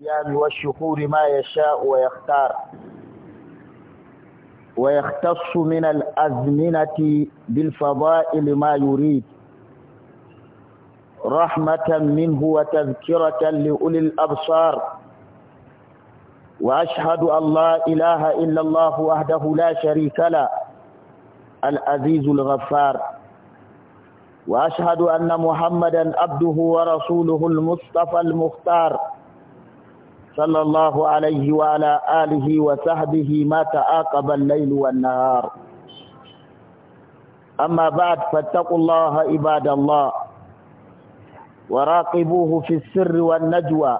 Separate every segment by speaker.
Speaker 1: الصيام والشكور ما يشاء ويختار ويختص من الأزمنة بالفضائل ما يريد رحمة منه وتذكرة لأولي الأبصار وأشهد أن لا إله إلا الله وحده لا شريك له العزيز الغفار وأشهد أن محمدا عبده ورسوله المصطفى المختار صلى الله عليه وعلى آله وصحبه ما تعاقب الليل والنهار أما بعد فاتقوا الله عباد الله وراقبوه في السر والنجوى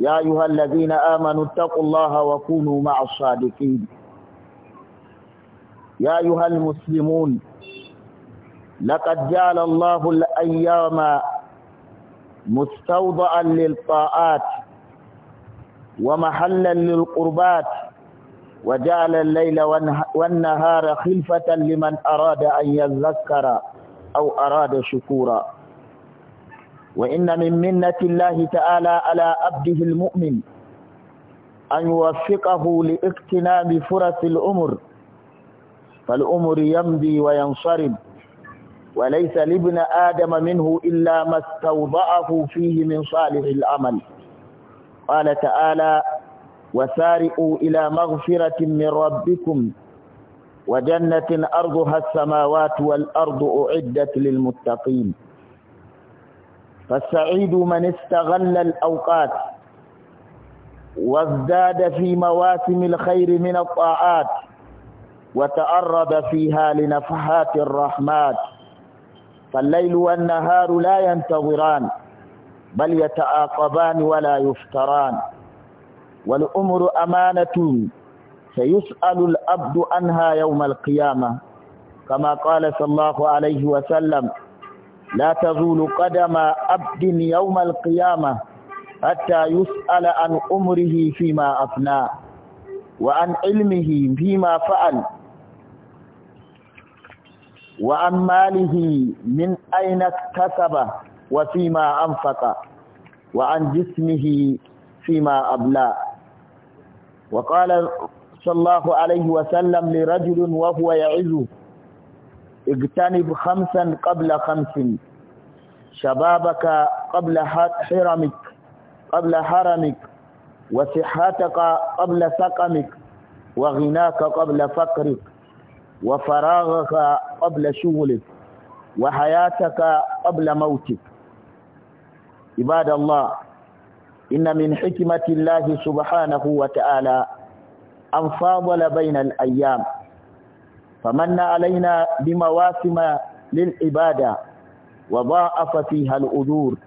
Speaker 1: يا أيها الذين آمنوا اتقوا الله وكونوا مع الصادقين يا أيها المسلمون لقد جعل الله الأيام مستوضعا للطاعات ومحلا للقربات وجعل الليل والنهار خلفة لمن أراد أن يذكر أو أراد شكورا وإن من منة الله تعالى على عبده المؤمن أن يوفقه لاقتنام فرص الأمر فالأمر يمضي وينصرم وليس لابن آدم منه إلا ما استوضعه فيه من صالح العمل قال تعالى وسارئوا إلى مغفرة من ربكم وجنة أرضها السماوات والأرض أعدت للمتقين فالسعيد من استغل الأوقات وازداد في مواسم الخير من الطاعات وتعرض فيها لنفحات الرحمات فالليل والنهار لا ينتظران بل يتعاقبان ولا يفتران والأمر أمانة سيسأل الأبد عنها يوم القيامة كما قال صلى الله عليه وسلم لا تزول قدم عبد يوم القيامة حتى يسأل عن أمره فيما أفنى وعن علمه فيما فعل وعن ماله من أين اكتسبه وفيما أنفقه وعن جسمه فيما أبلى وقال صلى الله عليه وسلم لرجل وهو يعز اجتنب خمسا قبل خمس شبابك قبل حرمك قبل حرمك وصحتك قبل سقمك وغناك قبل فقرك وفراغك قبل شغلك وحياتك قبل موتك عباد الله إن من حكمة الله سبحانه وتعالى أن فاضل بين الأيام فمن علينا بمواسم للعبادة وضاعف فيها الأجور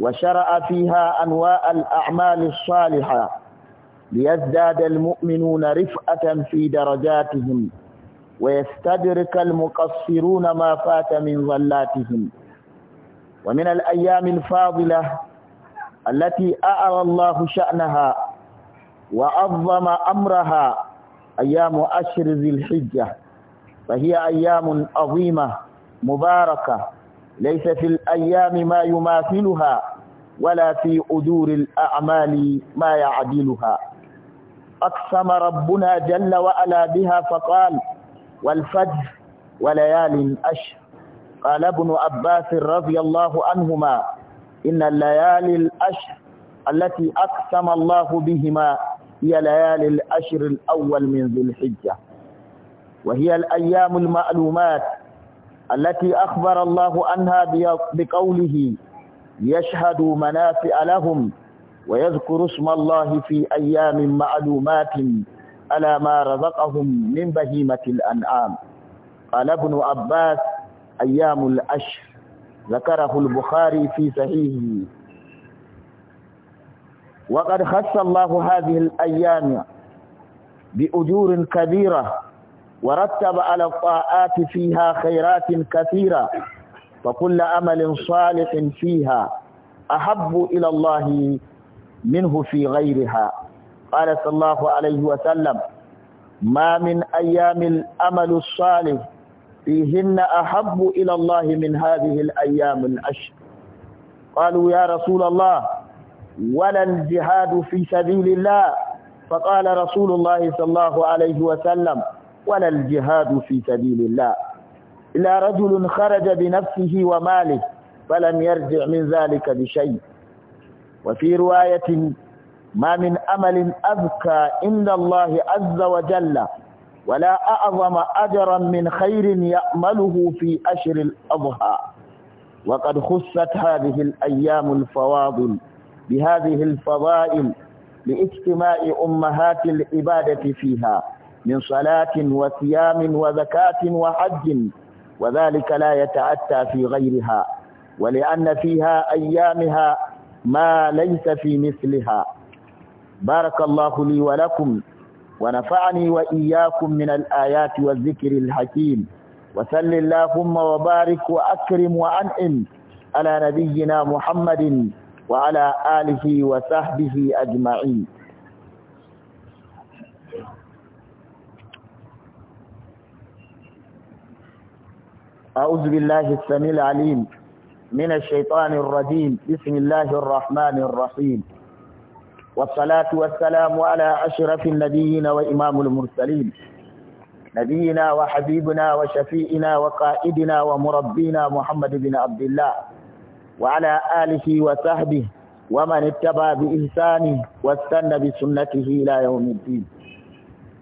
Speaker 1: وشرع فيها أنواع الأعمال الصالحة ليزداد المؤمنون رفعة في درجاتهم ويستدرك المقصرون ما فات من ظلاتهم ومن الأيام الفاضلة التي أعلى الله شأنها وأظم أمرها أيام أشر ذي الحجة فهي أيام عظيمة مباركة ليس في الأيام ما يماثلها ولا في أدور الأعمال ما يعدلها أقسم ربنا جل وعلا بها فقال والفجر وليال أشر قال ابن عباس رضي الله عنهما إن الليالي الأشهر التي أقسم الله بهما هي ليالي الأشهر الأول من ذي الحجة وهي الأيام المعلومات التي أخبر الله عنها بقوله ليشهدوا منافع لهم ويذكروا اسم الله في أيام معلومات على ما رزقهم من بهيمة الأنعام قال ابن عباس أيام الأشهر ذكره البخاري في صحيحه وقد خص الله هذه الأيام بأجور كبيرة ورتب على الطاعات فيها خيرات كثيرة وكل أمل صالح فيها أحب إلى الله منه في غيرها قال صلى الله عليه وسلم ما من أيام الأمل الصالح فيهن أحب إلى الله من هذه الأيام العشر قالوا يا رسول الله ولا الجهاد في سبيل الله فقال رسول الله صلى الله عليه وسلم ولا الجهاد في سبيل الله إلا رجل خرج بنفسه وماله فلم يرجع من ذلك بشيء وفي رواية ما من أمل أذكى إن الله عز وجل ولا أعظم أجرا من خير يأمله في أشر الأضحى وقد خصت هذه الأيام الفواضل بهذه الفضائل لاجتماع أمهات العبادة فيها من صلاة وصيام وزكاة وحج وذلك لا يتعتى في غيرها ولأن فيها أيامها ما ليس في مثلها بارك الله لي ولكم ونفعني وإياكم من الآيات والذكر الحكيم وسل اللهم وبارك وأكرم وأنعم على نبينا محمد وعلى آله وصحبه أجمعين أعوذ بالله السميع العليم من الشيطان الرجيم بسم الله الرحمن الرحيم والصلاة والسلام على أشرف النبيين وإمام المرسلين نبينا وحبيبنا وشفيئنا وقائدنا ومربينا محمد بن عبد الله وعلى آله وصحبه ومن اتبع بإحسانه واستنى بسنته إلى يوم الدين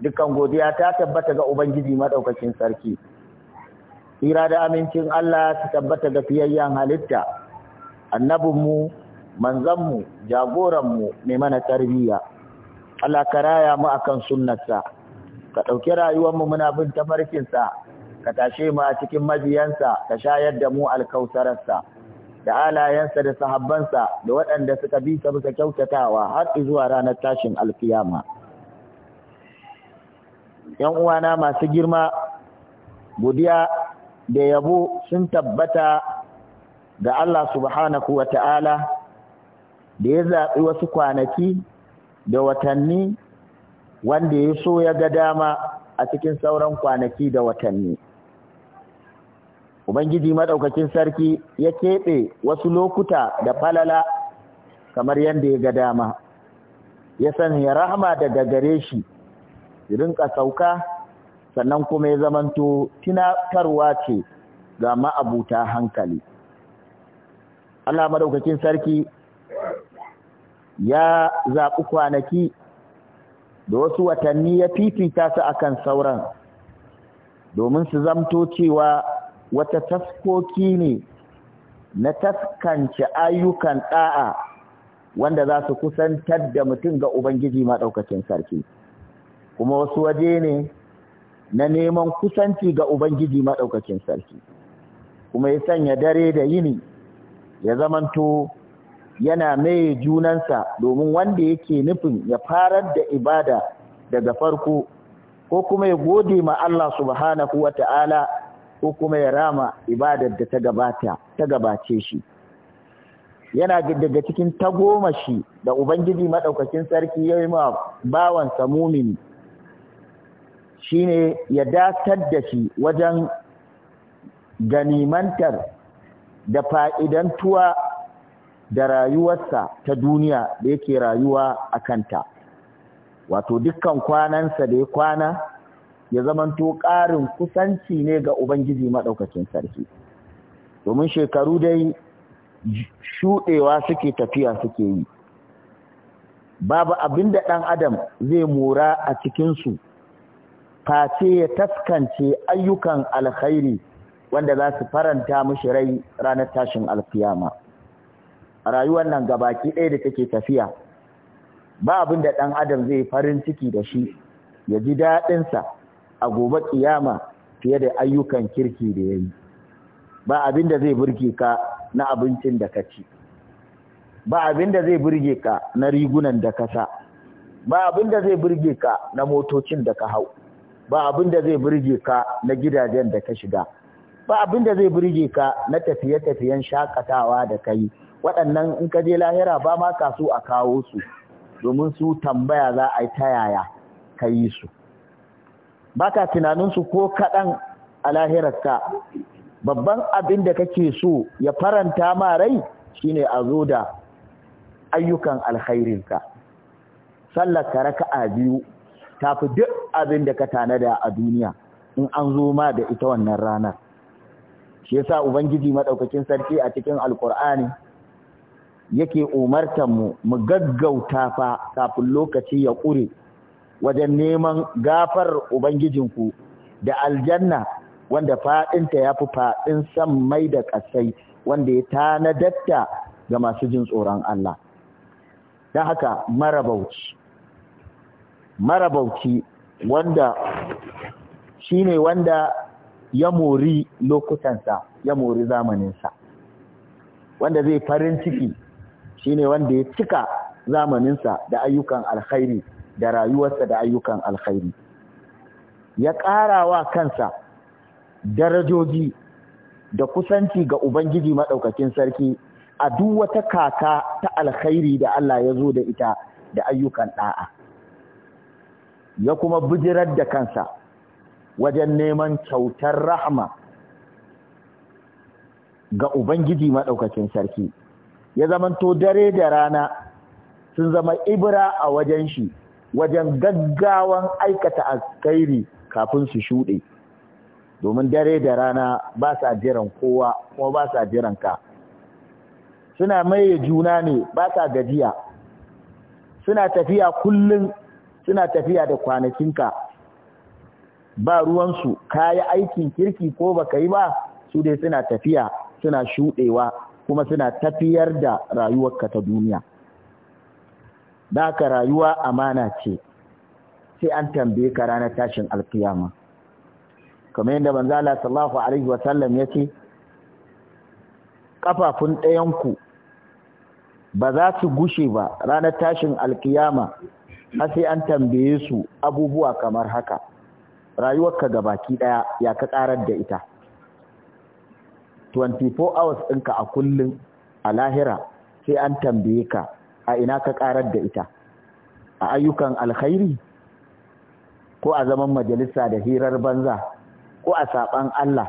Speaker 1: dukkan godiya ta tabbata ga Ubangiji madaukakin sarki hira da amincin Allah su tabbata ga fiyayyen halitta annabinmu manzanmu jagoranmu mai mana tarbiyya Allah ka raya mu akan sunnarsa ka ɗauki rayuwarmu muna bin tafarkinsa ka tashe mu a cikin mabiyansa ka shayar da mu alkausararsa da alayensa da sahabbansa da waɗanda suka bi ta bisa kyautatawa har zuwa ranar tashin alkiyama yan uwana masu girma godiya da yabo sun tabbata da Allah subhanahu wa ta'ala da ya zaɓi wasu kwanaki da watanni wanda ya so ya ga dama a cikin sauran kwanaki da watanni. Ubangiji maɗaukakin sarki ya keɓe wasu lokuta da falala kamar yadda ya ga dama, ya sanya rahama daga gare shi, rinka sauka sannan kuma ya zamanto tunatarwa ce ga ma'abuta hankali. Allah maɗaukakin sarki ya zaɓi kwanaki da wasu watanni ya fifita su akan sauran domin su zamto cewa wata taskoki ne na taskance ayyukan ɗa'a wanda za su kusantar da mutum ga Ubangiji maɗaukacin sarki kuma wasu waje ne na neman kusanci ga Ubangiji maɗaukacin sarki kuma ya sanya dare da yini ya zamanto yana maye junansa domin wanda yake nufin ya farar da ibada daga farko ko kuma ya gode ma Allah subhanahu wa ta'ala ko kuma ya rama ibadar da ta gabace shi yana daga cikin shi da ubangiji madaukakin sarki ya yi ma bawan Shi ne ya datar da shi wajen ganimantar da fa'idantuwa da rayuwarsa ta duniya da yake rayuwa a kanta wato dukkan kwanansa da ya kwana ya zamanto ƙarin kusanci ne ga ubangiji maɗaukacin sarki domin shekaru dai shuɗewa suke tafiya suke yi babu abin da ɗan adam zai mora a cikinsu face ya taskance ayyukan alkhairi wanda za su faranta mashi rai ranar tashin alkiyama rayuwar nan gabaki ɗaya da take tafiya ba abin da ɗan adam zai farin ciki da shi ya ji daɗinsa a gobe ƙiyama fiye da ayyukan kirki da ya yi ba abin da zai burge ka na abincin da ka ci ba abin da zai burge ka na rigunan da ka sa ba abin da zai burge ka na motocin da ka hau ba abin da zai burge ka na gidajen da ka shiga ba abin da zai burge ka na tafiye-tafiyen shakatawa da ka yi waɗannan in ka je lahira ba ma ka so a kawo su domin su tambaya za a yi ta yaya ka yi su ba ka tunaninsu ko kaɗan a lahirarka babban abin da kake so ya faranta ma rai shine a zo da ayyukan alkhairinka sallar ka a biyu ta fi duk abin da ka tanada a duniya in an zo ma da ita wannan ranar shi sa ubangiji maɗaukakin sarki a cikin alkur'ani yake umartar mu mu gaggauta fa kafin lokaci ya ƙure wajen neman gafar ubangijinku da aljanna wanda faɗinta ya fi faɗin san mai da ƙasai wanda ya tanadatta ga masu jin tsoron Allah. Don haka marabauci, marabauci wanda shi wanda ya mori lokutansa, ya mori zamaninsa, wanda zai farin ciki Shi ne wanda ya cika zamaninsa da ayyukan alkhairi da rayuwarsa da ayyukan alkhairi ya ƙara wa kansa darajoji da kusanci ga Ubangiji maɗaukakin sarki a duk wata kaka ta alkhairi da Allah ya zo da ita da ayyukan ɗa'a. Ya kuma bijirar da kansa wajen neman kyautar rahama ga Ubangiji maɗaukakin sarki. ya zamanto dare da rana sun zama ibra a wajen shi wajen gaggawan aikata alkhairi kafin su shuɗe domin dare da rana ba sa jiran kowa kuma ba sa jiran ka suna maye juna ne ba sa gajiya suna tafiya kullum suna tafiya da kwanakinka ba ruwansu ka yi aikin kirki ko baka yi ba su dai suna tafiya suna shuɗewa kuma suna tafiyar da rayuwarka ta duniya da rayuwa amana ce sai an tambaye ka ranar tashin alkiyama kamar yadda manzo Allah sallallahu alaihi wa sallam yace kafafun ɗayanku ba za su gushe ba ranar tashin alkiyama har sai an tambaye su abubuwa kamar haka rayuwarka baki ɗaya ya ka karar da ita 24 hours ɗinka a kullum a lahira sai an tambaye ka a ina ka ƙarar da ita a ayyukan alkhairi ko a zaman majalisa da hirar banza ko a saɓan Allah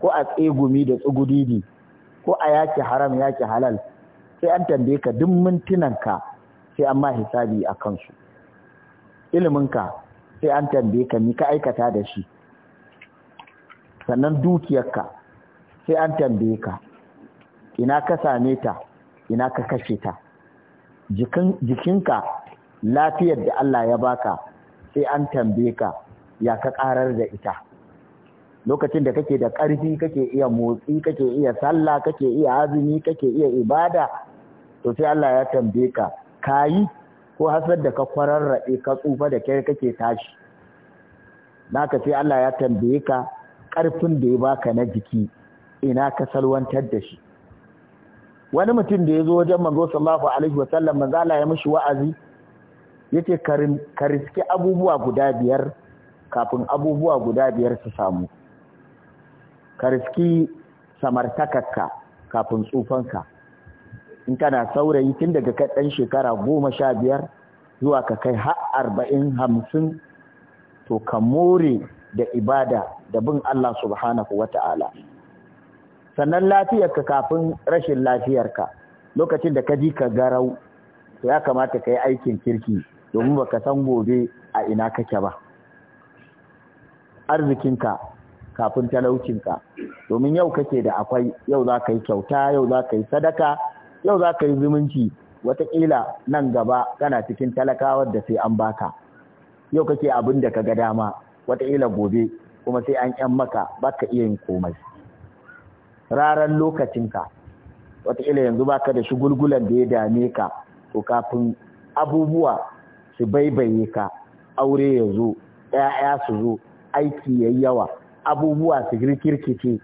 Speaker 1: ko a tsegumi da tsugudidi ko a yaki haram yaki halal sai an tambaye ka duk mintunanka sai an ma hisabi a kansu iliminka sai an tambaye ka ni ka aikata da shi sannan dukiyarka sai an tambaye ka ina ka same ta ina ka kashe ta jikinka lafiyar da Allah ya baka sai an tambaye ka ya ka karar da ita lokacin da kake da ƙarfi kake iya motsi kake iya sallah kake iya azumi kake iya ibada to sai Allah ya tambaye ka kayi ko hasar da ka kwararraɗe ka tsufa da kai kake tashi naka sai Allah ya tambaye ka ƙarfin da ya baka na jiki ina ka salwantar da shi wani mutum da ya zo wajen manzo sallallahu alaihi wasallam manzo ya mishi wa'azi yace ka riski abubuwa guda biyar kafin abubuwa guda biyar su samu ka riski samartakarka kafin tsufanka in kana saurayi tun daga kaɗan shekara goma sha biyar zuwa ka kai har arba'in hamsin to ka more da ibada da bin Allah subhanahu wa sannan lafiyarka kafin rashin lafiyarka lokacin da ka ji ka garau to ya kamata ka yi aikin kirki domin baka san gobe a ina kake ba arzikinka kafin talaucinka domin yau kake da akwai yau za ka yi kyauta yau za ka yi sadaka yau za ka yi zumunci wataƙila nan gaba kana cikin talakawar da sai an baka yau kake abin da ka ga dama wataƙila gobe kuma sai an yan maka baka iya yin komai raran lokacinka wataƙila yanzu ba ka da shi gulgulan da ya dame ka to kafin abubuwa su baibaye ka aure ya zo ‘ya'ya su zo aiki ya yawa abubuwa su kirkice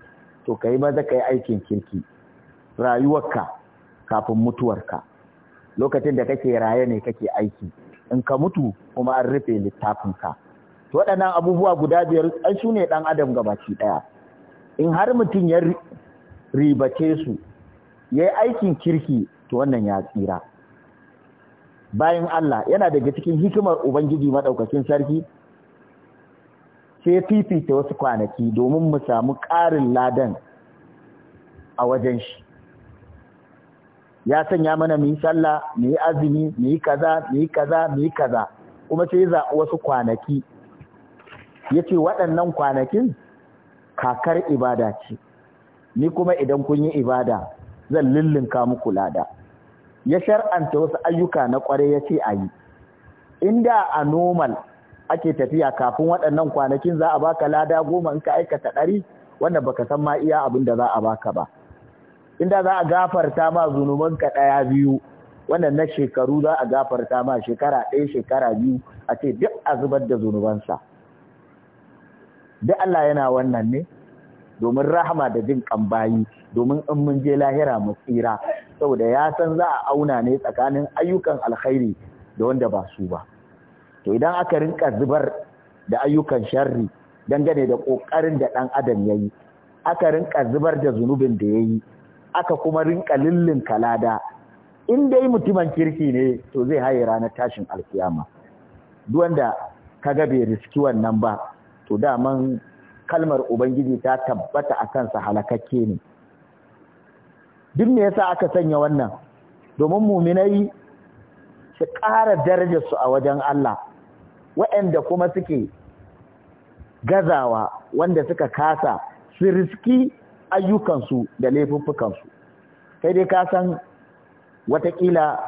Speaker 1: to ka yi maza ka yi aikin kirki rayuwarka kafin mutuwarka lokacin da kake raye ne kake aiki in ka mutu kuma an rufe littafinka to waɗannan abubuwa guda biyar an su ne ɗan adam gabaci ɗaya in har mutum ya ribace su ya yi aikin kirki to wannan ya tsira bayan Allah yana daga cikin hikimar Ubangiji maɗaukacin sarki sai fifita wasu kwanaki domin mu samu ƙarin ladan a wajen shi ya sanya mana mu yi sallah mu yi azumi mu yi kaza mu yi kaza mu yi kaza kuma sai ya wasu kwanaki ya ce waɗannan kwanakin kakar ibada ce ni kuma idan kun yi ibada zan lullunka muku lada ya shar'anta wasu ayyuka na kware ya ce a yi inda a normal ake tafiya kafin waɗannan kwanakin za a baka lada goma in ka aikata ɗari wanda baka san ma iya abin da za a baka ba inda za a gafarta ma ka ɗaya biyu wannan na shekaru za a gafarta ma shekara ɗaya shekara biyu a ce duk a zubar da zunubansa duk Allah yana wannan ne domin rahama da jin kan bayi domin in mun je lahira mu tsira saboda ya san za a auna ne tsakanin ayyukan alkhairi da wanda ba su ba to idan aka rinka zubar da ayyukan sharri dangane da kokarin da dan adam yayi aka rinka zubar da zunubin da yayi aka kuma rinka lillin kalada in dai mutumin kirki ne to zai haye ranar tashin alkiyama duk wanda kaga bai riski wannan ba to daman kalmar ubangiji ta tabbata a kansa halakakke ne duk me yasa aka sanya wannan domin muminai su ƙara su a wajen Allah waɗanda kuma suke gazawa wanda suka kasa su riski ayyukansu da laifuffukansu sai dai ka san watakila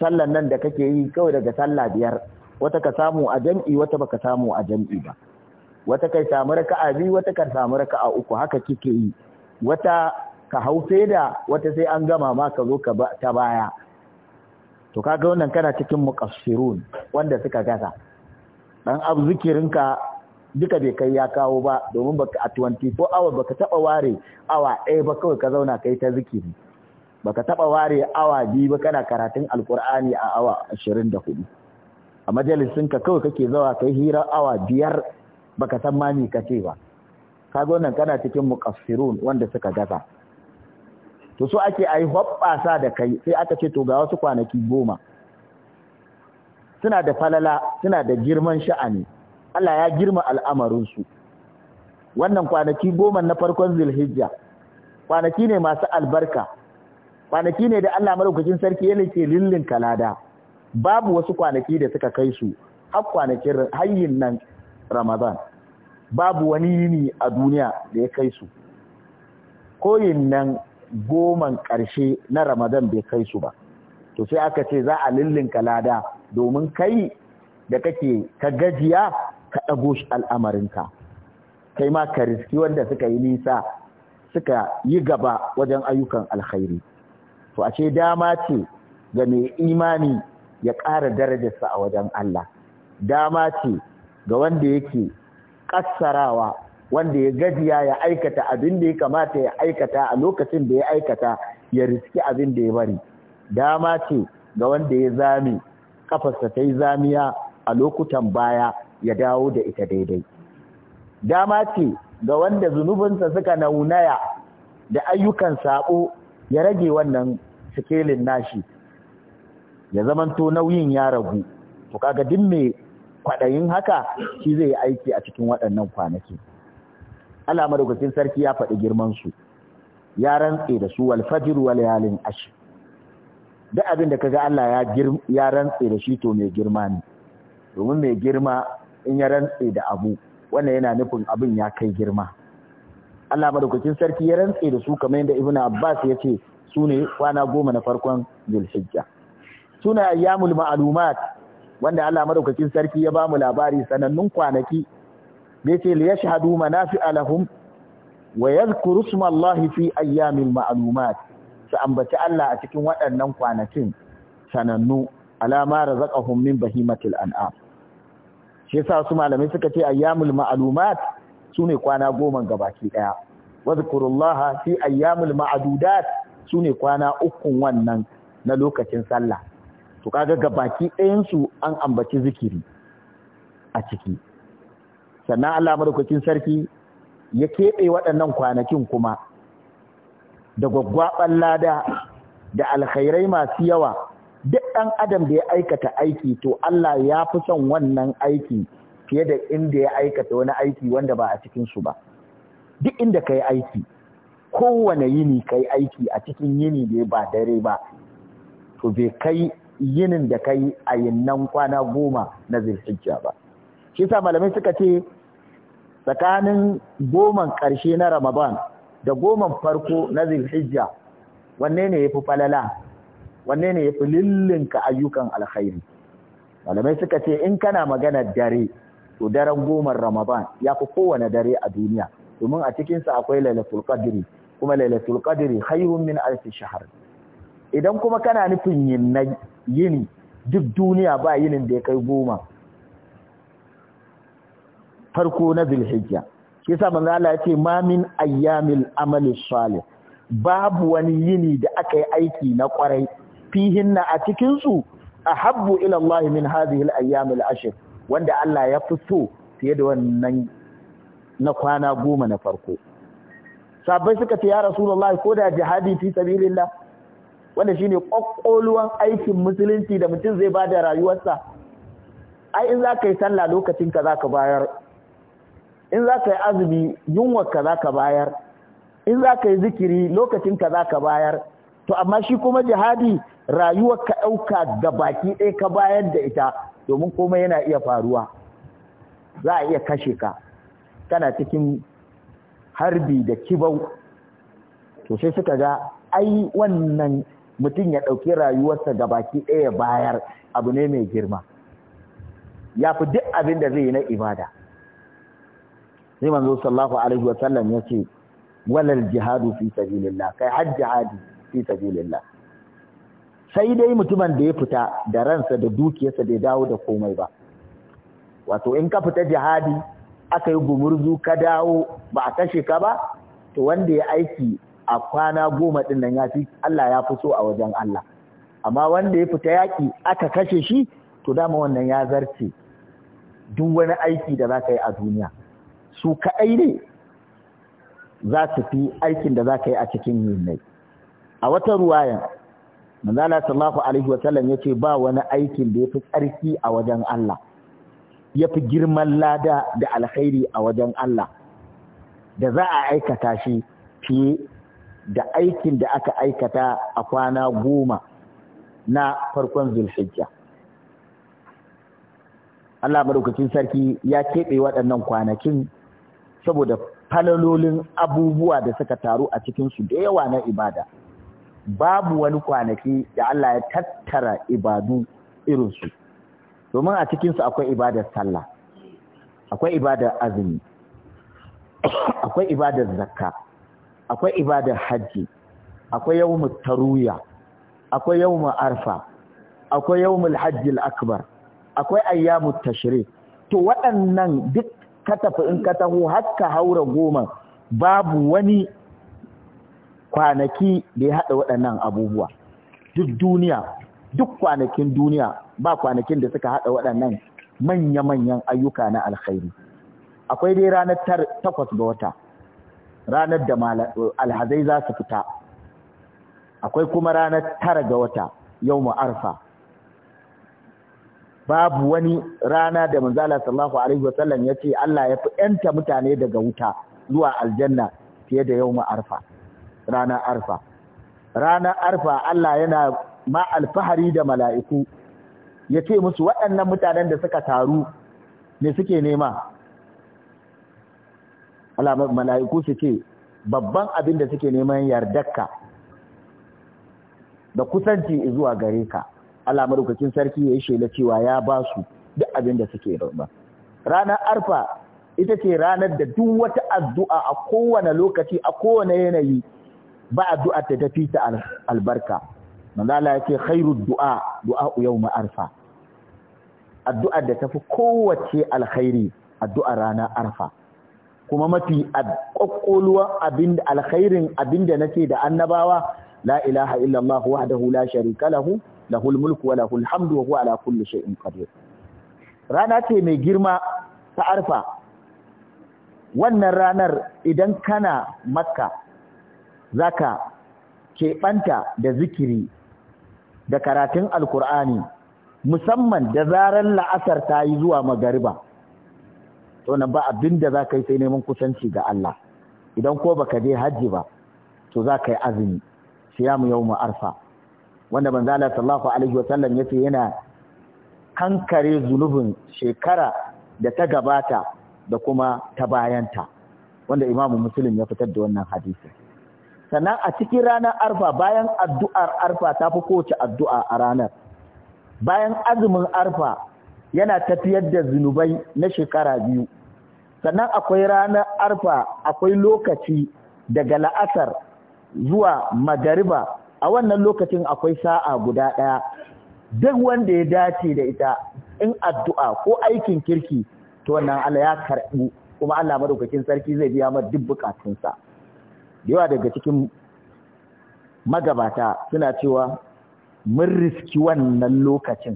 Speaker 1: sallan nan da kake yi kawai daga sallah biyar wata ka samu a jam'i wata baka samu a jam'i ba wata kai samu raka'a biyu wata kan samu raka'a uku haka kike yi wata ka hau da wata sai an gama ma ka zo ka ta baya to kaga wannan kana cikin muqassirun wanda suka gaza dan abu ka duka bai kai ya kawo ba domin baka a 24 hour baka taba ware awa ɗaya ba kawai ka zauna kai ta zikiri baka taba ware awa biyu ba kana karatun alkur'ani a awa 24 a majalisinka kawai kake zawa kai hira awa biyar baka san ma ka kace ba kaga wannan kana cikin muqaffirun wanda suka gaza to so ake ai hobbasa da kai sai aka ce to ga wasu kwanaki goma suna da falala suna da girman sha'ani Allah ya girma al'amarin su. wannan kwanaki goma na farkon zilhijja kwanaki ne masu albarka kwanaki ne da Allah maraukacin sarki ya lake lillin kalada babu wasu kwanaki da suka kai su har kwanakin hayyin nan Ramadan babu wani yini a duniya da ya kai su koyin nan goman ƙarshe na Ramadan bai kai su ba to sai aka ce za a lullinka lada domin kai da kake ka gajiya ka ɗago shi al'amarinka kai ma ka riski wanda suka yi nisa suka yi gaba wajen ayyukan alkhairi to ce dama ce ga mai imani ya ƙara darajarsa a wajen Allah dama ce ga wanda yake kassarawa wanda ya gajiya ya aikata abin da ya kamata ya aikata a lokacin da ya aikata ya riski abin da ya bari dama ce ga wanda ya zami kafarsa ta yi zamiya a lokutan baya ya dawo da ita daidai dama ce ga wanda zunubinsa suka naunaya da ayyukan sabo ya rage wannan sikelin nashi ya zamanto nauyin ya ragu to kaga duk me. kwaɗayin haka shi zai yi aiki a cikin waɗannan kwanaki Allah madaukakin sarki ya faɗi girmansu, su ya rantse da su wal wal yalin ash duk abin da kaga Allah ya ya rantse da shi to mai girma ne domin mai girma in ya rantse da abu wannan yana nufin abin ya kai girma Allah madaukakin sarki ya rantse da su kamar yadda Ibn Abbas ya ce su ne kwana goma na farkon Zulhijja suna ayyamul ma'lumat wanda Allah madaukakin sarki ya bamu labari sanannun kwanaki yace li yashhadu manafi'a lahum wa yadhkuru ismallahi fi ayyamin ma'lumat su ambaci Allah a cikin waɗannan kwanakin sanannu alama razaqahum min bahimatil an'am shi yasa su malamai suka ce ayyamul ma'lumat sune kwana goma gabaki daya wadhkurullaha fi ayyamil ma'dudat sune kwana ukun wannan na lokacin sallah to kaga gabaki ɗayan su an ambaci zikiri a ciki sannan Allah madaukakin sarki ya keɓe waɗannan kwanakin kuma da gwaggwaɓan lada da alkhairai masu yawa duk ɗan adam da ya aikata aiki to Allah ya fi son wannan aiki fiye da inda ya aikata wani aiki wanda ba a cikinsu ba duk inda ka yi aiki kowane yini ka yi aiki a cikin yini da ba dare ba to bai kai yinin da kai a yinnan kwana goma na zulhijja ba shi sa malamai suka ce tsakanin goman ƙarshe na ramadan da goman farko na zulhijja wanne ne yafi falala wanne ne yafi lillinka ayyukan alkhairi malamai suka ce in kana magana dare to daren goman ramadan ya fi kowane dare a duniya domin a cikinsa akwai lailatul qadri kuma lailatul qadri khairun min shahar? idan kuma kana nufin yinnai yini duk duniya ba yinin da ya kai goma farko na bilhijja shi yasa manzo Allah ya ce ma min ayyamil amali salih babu wani yini da aka yi aiki na kwarai fihinna a cikin su ahabbu ila Allah min hadhihi al-ayyam al-ashr wanda Allah ya fi so fiye da wannan na kwana goma na farko sabai suka ce ya rasulullah ko da jihadi fi sabilillah wanda shi ne ƙwaƙƙoluwan aikin musulunci da mutum zai ba da rayuwarsa ai in za ka yi sallah lokacin ka bayar in za ka yi azumi yunwa ka ka bayar in za ka yi zikiri lokacin ka bayar to amma shi kuma jihadi rayuwar ka ɗauka ga baki ɗaya ka bayar da ita domin komai yana iya faruwa za a iya kashe ka kana cikin harbi da kibau to sai suka ga ai wannan mutum ya ɗauki rayuwarsa ga baki ɗaya bayar abu ne mai girma ya fi duk abin da zai yi na ibada sai manzo sallahu alaihi wasallam ya ce walal jihadu fi sabilillah kai har jihadi fi sabilillah sai dai mutumin da ya fita da ransa da dukiyarsa bai dawo da komai ba wato in ka fita jihadi aka yi gumurzu ka dawo ba a kashe ka ba to wanda ya aiki a kwana goma ɗin nan ya fi Allah ya fi so a wajen Allah amma wanda ya fita yaƙi aka kashe shi to dama wannan ya zarce duk wani aiki da za ka yi a duniya su kaɗai ne za su fi aikin da za ka yi a cikin yinnai a wata ruwayan manzala Sallahu alaihi wa sallam ce ba wani aikin da ya fi tsarki a wajen Allah ya fi girman lada da alkhairi a wajen Allah da za a aikata shi fiye da aikin da aka aikata a kwana goma na farkon zulhijja Allah maɗaukacin sarki ya keɓe waɗannan kwanakin saboda falalolin abubuwa da suka taru a cikinsu da yawa na ibada babu wani kwanaki da Allah ya tattara ibadu irinsu domin a cikinsu akwai ibadar sallah akwai ibadar azumi akwai ibadar zakka akwai ibadar hajji akwai yawmut taruya akwai yawmul arfa akwai yawmul hajjil akbar akwai ayyamu tashrik to waɗannan duk ka tafi in ka taho haura goma babu wani kwanaki da ya haɗa waɗannan abubuwa duk duniya duk kwanakin duniya ba kwanakin da suka haɗa waɗannan manya-manyan ayyuka na alkhairi akwai dai ranar takwas ga wata ranar da alhazai za su fita akwai kuma ranar tara ga wata yau arfa babu wani rana da manzala sallallahu alaihi wasallam ya ce Allah ya fi ‘yanta mutane daga wuta zuwa aljanna fiye da yau arfa ranar arfa ranar arfa Allah yana ma alfahari da mala'iku ya ce musu waɗannan mutanen da suka taru ne suke nema alamar mala'iku su ce babban abin da suke neman yardarka da kusanci zuwa gare ka alamar hukukin sarki ya yi shela cewa ya ba su duk abin da suke roba ranar arfa ita ce ranar da duk wata addu'a a kowane lokaci a kowane yanayi ba addu'a ta tafi ta albarka manzala ya ce khairu du'a du'a yau ma'arfa addu'ar da tafi kowace alkhairi addu'a ranar arfa kuma mafi ƙwaƙƙoluwan alkhairin abinda da nace da annabawa la ilaha illallah wahdahu la sharika lahu lahul mulku wa lahul hamdu wa huwa ala kulli shay'in qadir rana ce mai girma ta arfa wannan ranar idan kana makka zaka keɓanta da zikiri da karatun alkur'ani musamman da zarar la'asar ta yi zuwa magariba to wannan ba abin da za ka yi sai neman kusanci ga Allah idan ko baka je haji ba to za ka yi azumi siyamu yawmu arfa wanda manzo Allah sallallahu alaihi wasallam yace yana kankare zunubin shekara da ta gabata da kuma ta bayanta wanda Imam Muslim ya fitar da wannan hadisi sannan a cikin ranar arfa bayan addu'ar arfa ta fi kowace addu'a a ranar bayan azumin arfa yana tafiyar da zunubai na shekara biyu sannan akwai ranar arfa akwai lokaci daga la'asar zuwa magariba a wannan lokacin akwai sa'a guda ɗaya duk wanda ya dace da ita in addu'a ko aikin kirki to wannan Allah ya karɓi kuma Allah madaukakin sarki zai biya ma duk bukatunsa yawa daga cikin magabata suna cewa mun riski wannan lokacin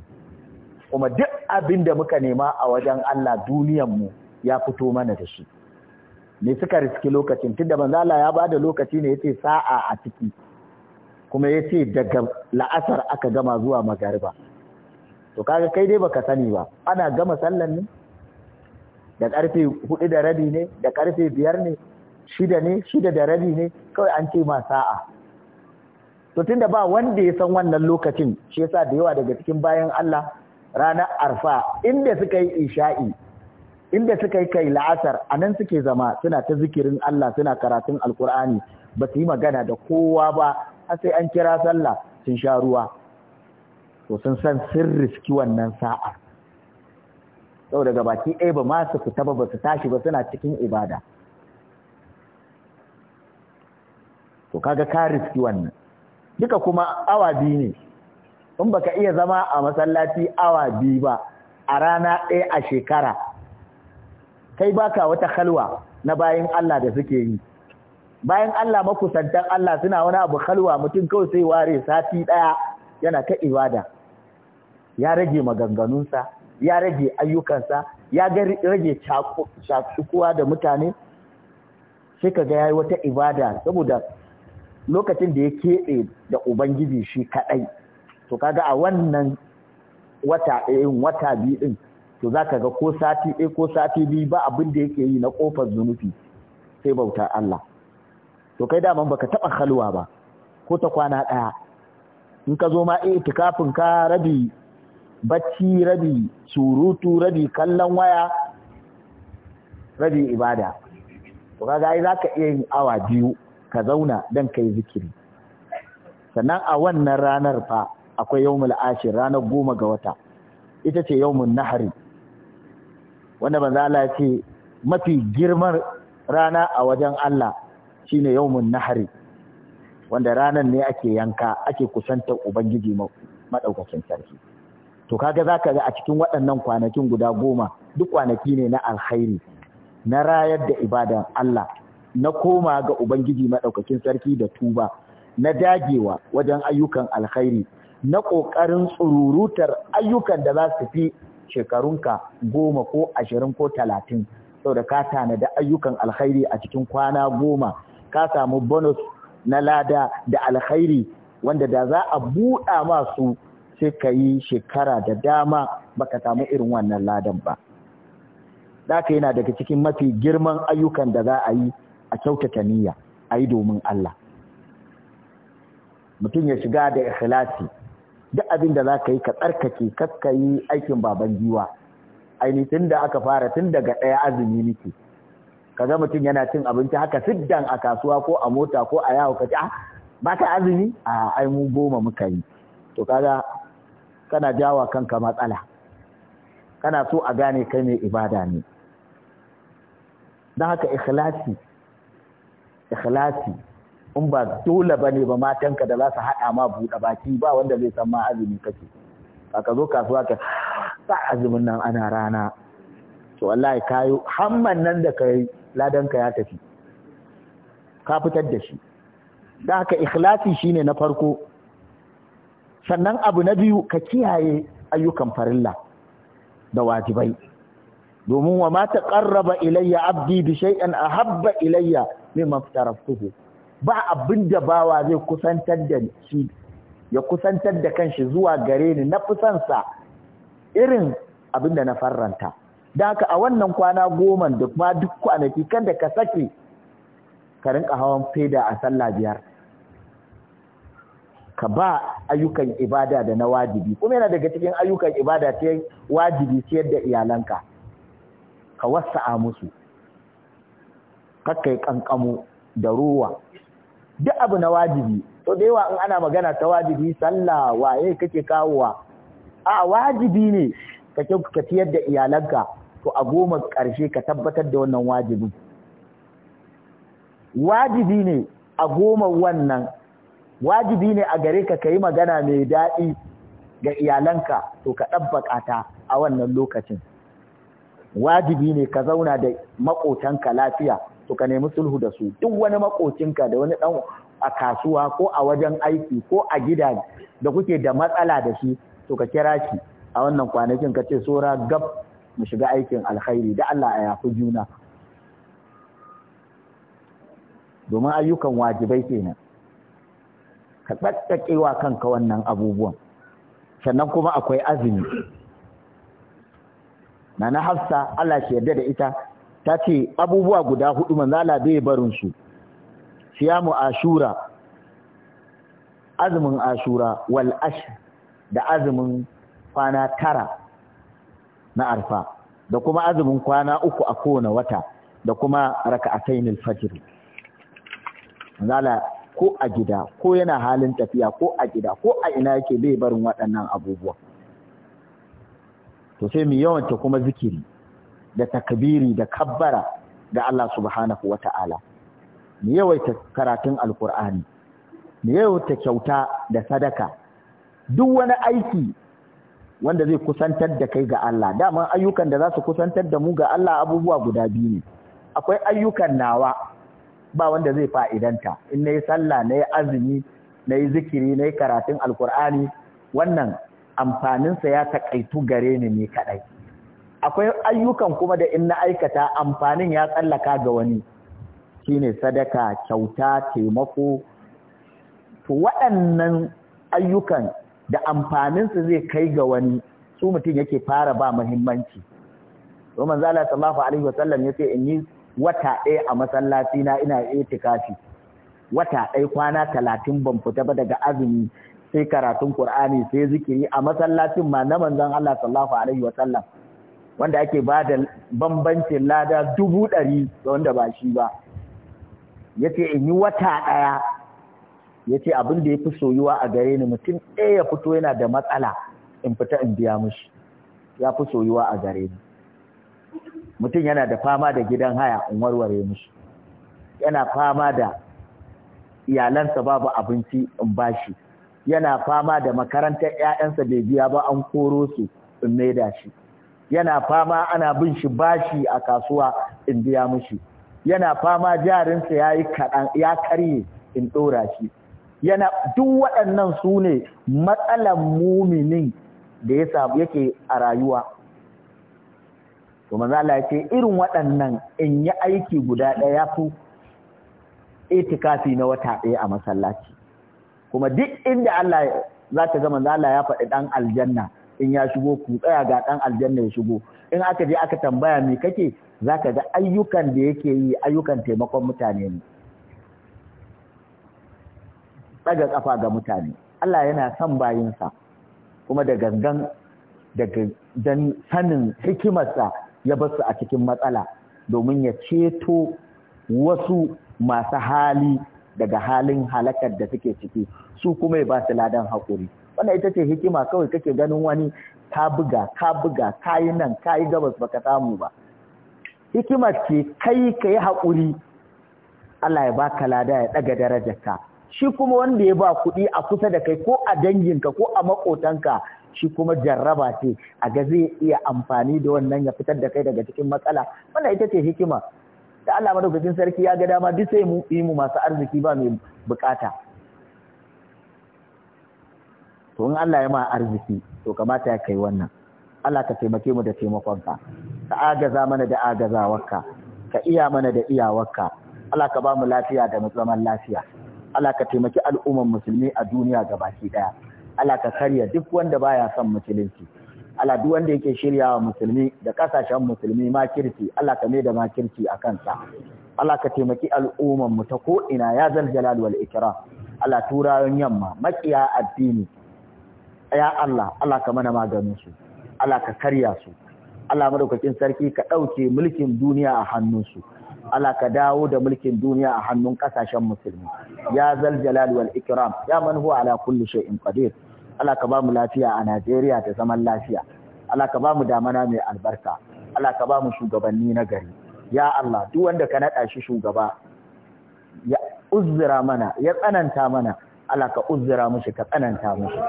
Speaker 1: kuma duk abin da muka nema a wajen Allah duniyarmu ya fito mana da shi me suka riski lokacin tunda manzala ya da lokaci ne yace sa'a a ciki kuma yace daga la'asar aka gama zuwa magariba to kaga kai dai baka sani ba ana gama sallan ne da karfe hudu da rabi ne da karfe biyar ne shida ne shida da rabi ne kawai an ce ma sa'a to tunda ba wanda ya san wannan lokacin shi yasa da yawa daga cikin bayan Allah ranar arfa inda suka yi isha'i inda suka yi kai la'asar a nan suke zama suna ta zikirin Allah suna karatun alkur'ani ba su yi magana da kowa ba har sai an kira sallah sun sha ruwa to sun san sun riski wannan sa'a sau daga baki ɗaya ba ma fita ba ba su tashi ba suna cikin ibada to kaga ka riski wannan duka kuma awa biyu ne in baka iya zama a masallaci awa biyu ba a rana ɗaya a shekara kai baka wata halwa na bayan Allah da suke yi bayan Allah makusantan Allah suna wani abu halwa mutum kawai sai ware sati ɗaya, yana ta ibada ya rage maganganunsa ya rage ayyukansa ya rage shakukuwa da mutane sai kaga yayi wata ibada saboda lokacin da ya keɓe da ubangiji shi kaɗai, to kaga a wannan wata ɗayan eh, wata biyu ɗin to za ka ga ko sati ɗaya ko sati biyu ba abin da yake yi na ƙofar zunufi, sai bautar Allah to kai daman baka taɓa halwa ba ko ta kwana ɗaya in ka zo ma eh kafin ka rabi bacci rabi surutu rabi kallon waya rabi ibada to kaga ai ka iya yin awa biyu ka zauna ka yi zikiri sannan a wannan ranar fa akwai yau ashir ranar goma ga wata ita ce yawmun nahari wanda manzo Allah ce mafi girman rana a wajen Allah shine yawmun nahari wanda ranan ne ake yanka ake kusantar ubangiji madaukakin sarki to kaga zaka ga a cikin waɗannan kwanakin guda goma duk kwanaki ne na alkhairi na rayar da ibadan Allah na koma ga ubangiji madaukakin sarki da tuba na dagewa wajen ayyukan alkhairi na ƙoƙarin tsururutar ayyukan da za su fi shekarunka goma ko ashirin ko talatin saboda ka tanada ayyukan alkhairi a cikin kwana goma ka samu bonus na lada da alkhairi wanda da za a buɗa masu sai ka yi shekara da dama baka samu irin wannan ladan ba daka yana daga cikin mafi girman ayyukan da za a yi a kyautata niyya a yi domin Allah mutum ya shiga da ikhlasi duk abin da za ka yi ka tsarkake ka yi aikin baban giwa aini tun da aka fara tun daga ɗaya azumi nake kaga mutum yana cin abinci haka siddan a kasuwa ko a mota ko a yawo kaci a, ah, ba ka azumi a ai mu goma muka yi to kaga kana jawa kanka matsala kana so a gane kai mai ibada ne don haka ikhlasi ikhlasi in ba dole ba ne ba matanka da za su haɗa ma buɗe baki ba wanda zai san ma azumi kake ba ka zo kasuwa ka sa azumin nan ana rana to wallahi kayo hamman nan da ka yi ladanka ya tafi ka fitar da shi da haka ikhlasi shine na farko sannan abu na biyu ka kiyaye ayyukan farilla da wajibai domin wa ma taqarraba ilayya abdi bi shay'an ahabba ilayya mimma aftaraftuhu ba abin da bawa zai kusantar da shi ya kusantar da kanshi zuwa gare ni na fusansa irin abin da na farranta da haka a wannan kwana goma da kuma duk kwanaki kan da ka sake ka rinka hawan faida a sallah biyar ka ba ayyukan ibada da na wajibi kuma yana daga cikin ayyukan ibada ta wajibi ciyar da iyalanka ka a musu kakkai kankamu da ruwa duk abu na wajibi to da yawa in ana magana ta wajibi sallah waye kake kawowa a wajibi ne ka ka tiyar da iyalanka to a goma ƙarshe ka tabbatar da wannan wajibi wajibi ne a goma wannan wajibi ne a gare ka yi magana mai daɗi ga iyalanka to ka ɗabbaƙa ta a wannan lokacin wajibi ne ka zauna da maƙotanka lafiya to ka nemi sulhu da su duk wani makocinka da wani dan a kasuwa ko a wajen aiki ko a gida da kuke da matsala da shi to ka kira shi a wannan kwanakin ka ce sora gab mu shiga aikin alkhairi da Allah a yafi juna domin ayyukan wajibai kenan ka tsattake wa kanka wannan abubuwan sannan kuma akwai azumi Nana hafsa Allah shi yarda da ita ta ce abubuwa guda hudu manzala bai barin su siyamu ashura azumin ashura wal ash da azumin kwana tara na arfa da kuma azumin kwana uku a kowane wata da kuma raka'atainil fajr manzala ko a gida ko yana halin tafiya ko a gida ko a ina yake bai barin waɗannan abubuwa to sai mu yawanta kuma zikiri da takbiri da kabbara ga Allah subhanahu wa ta'ala. Mu yawaita karatun Alƙur'ani, mu yawaita kyauta da sadaka, duk wani aiki wanda zai kusantar da kai ga Allah, dama ayyukan da za su kusantar da mu ga Allah abubuwa guda biyu ne. Akwai ayyukan nawa ba wanda zai fa'idanta, in na yi sallah, na yi azumi, na yi zikiri, na yi karatun Alƙur'ani, wannan amfaninsa ya taƙaitu gare ni ne kaɗai. akwai ayyukan kuma da in na aikata amfanin ya tsallaka ga wani shine sadaka kyauta taimako to waɗannan ayyukan da amfaninsu zai kai ga wani su mutum yake fara ba muhimmanci to manzo Allah sallallahu alaihi wasallam yace ni, wata ɗaya a masallaci na ina itikafi wata ɗaya kwana talatin ban fita ba daga azumi sai karatun Qur'ani sai zikiri a masallacin ma na manzon Allah sallallahu alaihi wasallam wanda ake ba da bambancin lada dubu ɗari ga wanda ba shi ba ya ce in yi wata ɗaya ya ce abin da ya fi soyuwa a gare ni mutum ɗaya ya fito yana da matsala in fita in biya mushi ya fi soyuwa a gare ni mutum yana da fama da gidan haya in warware mushi yana fama da iyalansa babu abinci in ba shi. yana fama da makarantar 'ya'yansa bai biya ba an koro su in maida shi yana fama ana bin shi bashi a kasuwa in biya mushi yana fama jarinsa ya kaɗan ya karye in ɗora shi yana duk waɗannan su ne matsalan muminin da ya samu yake a rayuwa to manzo Allah ya ce irin waɗannan in yi aiki guda ɗaya ya fi itikafi na wata ɗaya a masallaci kuma duk inda Allah za ta ga manzo Allah ya faɗi dan aljanna in ya shigo ku tsaya ga ɗan aljanna ya shigo in aka je aka tambaya me kake zaka ga ayyukan da yake yi ayyukan taimakon mutane ne Tsaga ƙafa ga mutane Allah yana son bayinsa kuma da gangan daga dan sanin hikimarsa ya basu a cikin matsala domin ya ceto wasu masu hali daga halin halakar da suke ciki su kuma ya ba su ladan haƙuri wannan ita ce hikima kawai kake ganin wani ka buga ka buga ka yi nan ka yi gabas baka samu ba hikima ce kai ka yi haƙuri Allah ya baka lada ya ɗaga darajarka shi kuma wanda ya ba kuɗi a kusa da kai ko a danginka ko a maƙotanka shi kuma jarraba ce a ga zai iya amfani da wannan ya fitar da kai daga cikin matsala wannan ita ce hikima da Allah madaukakin sarki ya ga dama duk sai mu yi mu masu arziki ba mai bukata to in Allah ya ma arziki to kamata ya kai wannan Allah ka taimake mu da taimakonka ka agaza mana da agazawarka ka iya mana da iyawarka Allah ka ba mu lafiya da zaman lafiya Allah ka taimaki al'umman musulmi a duniya gabaki ɗaya. Allah ka karya duk wanda baya son musulunci Allah duk wanda yake shiryawa musulmi da kasashen musulmi makirci Allah ka mai da makirci a kansa Allah ka taimaki al'umman mu ta ko ina ya zal jalal wal ikram Allah turawan yamma makiya addini ya Allah Allah ka mana maganin su Allah ka karya su Allah madaukakin sarki ka ɗauke mulkin duniya a hannunsu Allah ka dawo da mulkin duniya a hannun ƙasashen musulmi ya zal jalal wal ikram ya man huwa ala kulli shay'in qadir Allah ka ba mu lafiya a Najeriya da zaman lafiya Allah ka ba mu damana mai albarka Allah ka ba mu shugabanni na gari ya Allah duk wanda ka naɗa shi shugaba ya uzzira mana ya tsananta mana Allah ka uzura mushi ka tsananta mushi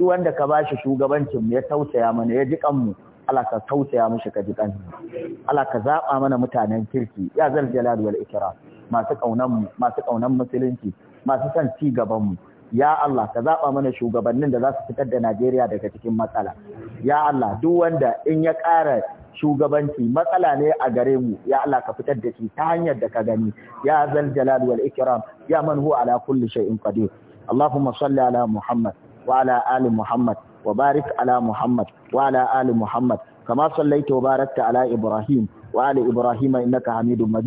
Speaker 1: duk wanda ka bashi shugabancin mu ya tausaya mana ya ji kanmu Allah ka tausaya mushi ka ji kanmu Allah ka zaba mana mutanen kirki ya zal jalal wal ikram masu kaunan mu masu kaunan musulunci masu son ci gaban mu ya Allah ka zaba mana shugabannin da za su fitar da Najeriya daga cikin matsala ya Allah duk wanda in ya ƙara shugabanci matsala ne a gare mu ya Allah ka fitar da shi ta hanyar da ka gani ya zal jalal wal ikram ya man huwa ala kulli shay'in qadir اللهم صل على محمد وعلى آل محمد وبارك على محمد وعلى آل محمد كما صليت وباركت على إبراهيم وآل إبراهيم إنك حميد مجيد